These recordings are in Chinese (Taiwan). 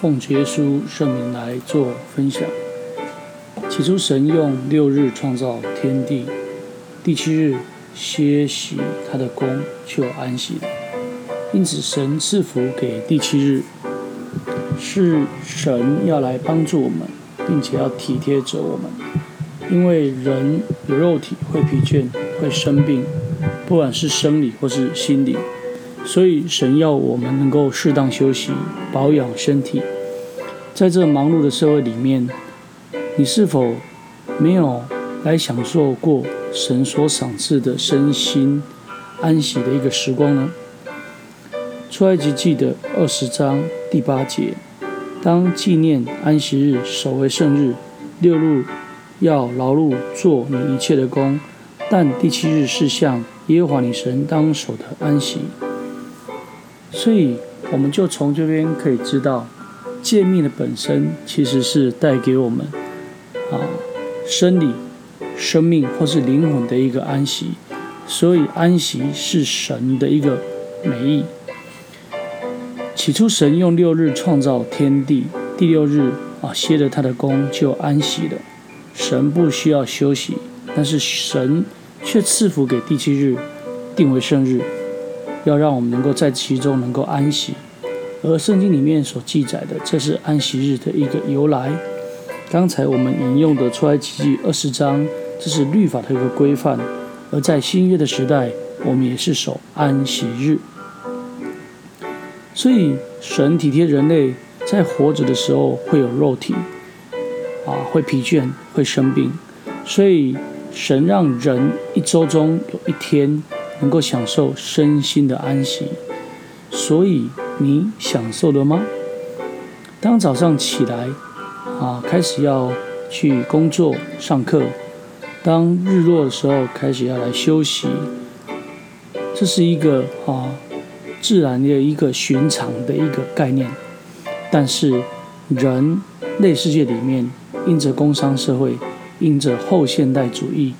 奉耶穌聖名來做分享。起初，神用六日創造天地，第七日歇息他的工就安息了。因此，神賜福給第七日，是神要來幫助我們，並且要體貼着我們，因為人有肉體會疲倦，會生病，不管是生理或是心理。所以神要我們能夠適當休息，保養身體。在這忙碌的社會裡面，你是否沒有來享受過神所賞賜的身心安息的一個時光呢？出埃及記的二十章第八節：當紀念安息日，守為聖日。六日要勞碌做你一切的工，但第七日是向耶和華你神當守的安息。所以，我們就從這邊可以知道，誡命的本身其實是帶給我們啊生理、生命或是靈魂的一個安息。所以，安息是神的一個美意。起初，神用六日創造天地，第六日啊歇了他的工就安息了。神不需要休息，但是神卻賜福給第七日，定為聖日。要讓我們能夠在其中能夠安息，而聖經裡面所記載的，這是安息日的一個由來。剛才我們引用的出埃及記二十章，這是律法的一個規範。而在新約的時代，我們也是守安息日。所以神體貼人類，在活着的時候會有肉體，啊，會疲倦，會生病，所以神讓人一周中有一天，能夠享受身心的安息，所以你享受了嗎？當早上起來，啊，開始要去工作、上課；當日落的時候，開始要來休息。這是一個啊，自然的一個尋常的一個概念。但是人類世界裡面，因着工商社會，因着後現代主義，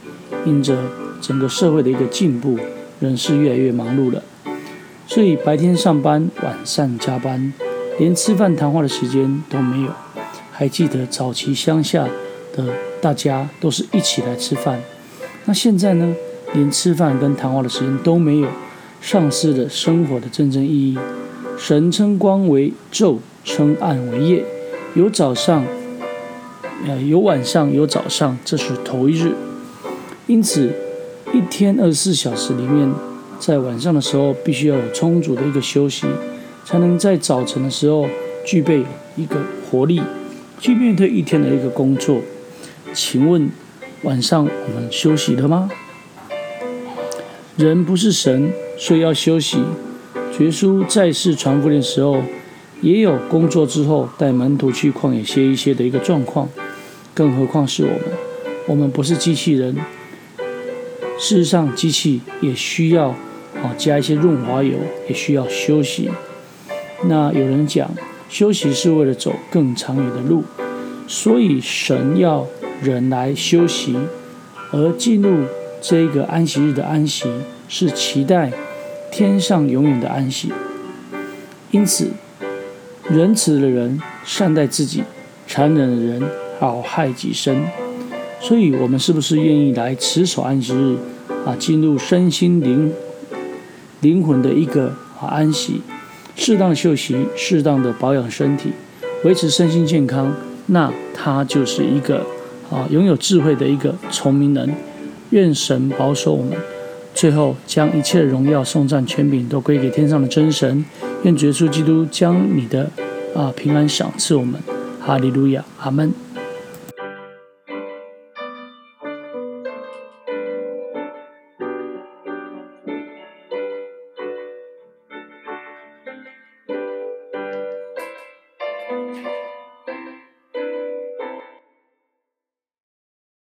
因着整個社會的一個進步。人是越來越忙碌了，所以白天上班，晚上加班，連吃飯談話的時間都沒有。還記得早期鄉下的大家都是一起來吃飯，那現在呢，連吃飯跟談話的時間都沒有，喪失了生活的真正意義。神稱光為晝，稱暗為夜，有早上，呃，有晚上，有早上，這是頭一日，因此，一天二十四小時裡面，在晚上的時候必須要有充足的一個休息，才能在早晨的時候具備一個活力，去面對一天的一個工作。請問，晚上我們休息了嗎？人不是神，所以要休息。覺書在世傳福音的時候，也有工作之後帶門徒去曠野歇一歇的一個狀況，更何況是我們，我們不是機器人。事實上，機器也需要啊，加一些潤滑油，也需要休息。那有人講，休息是為了走更長遠的路，所以神要人來休息，而進入這個安息日的安息，是期待天上永遠的安息。因此，仁慈的人善待自己，殘忍的人擾害己身。所以，我們是不是願意來持守安息日啊？進入身心靈靈魂的一個啊安息，適當休息，適當的保養身體，維持身心健康，那他就是一個啊擁有智慧的一個聰明人。願神保守我們，最後將一切榮耀、頌讚、權柄都歸給天上的真神。願耶穌基督將你的啊平安賞賜我們。哈利路亞，阿門。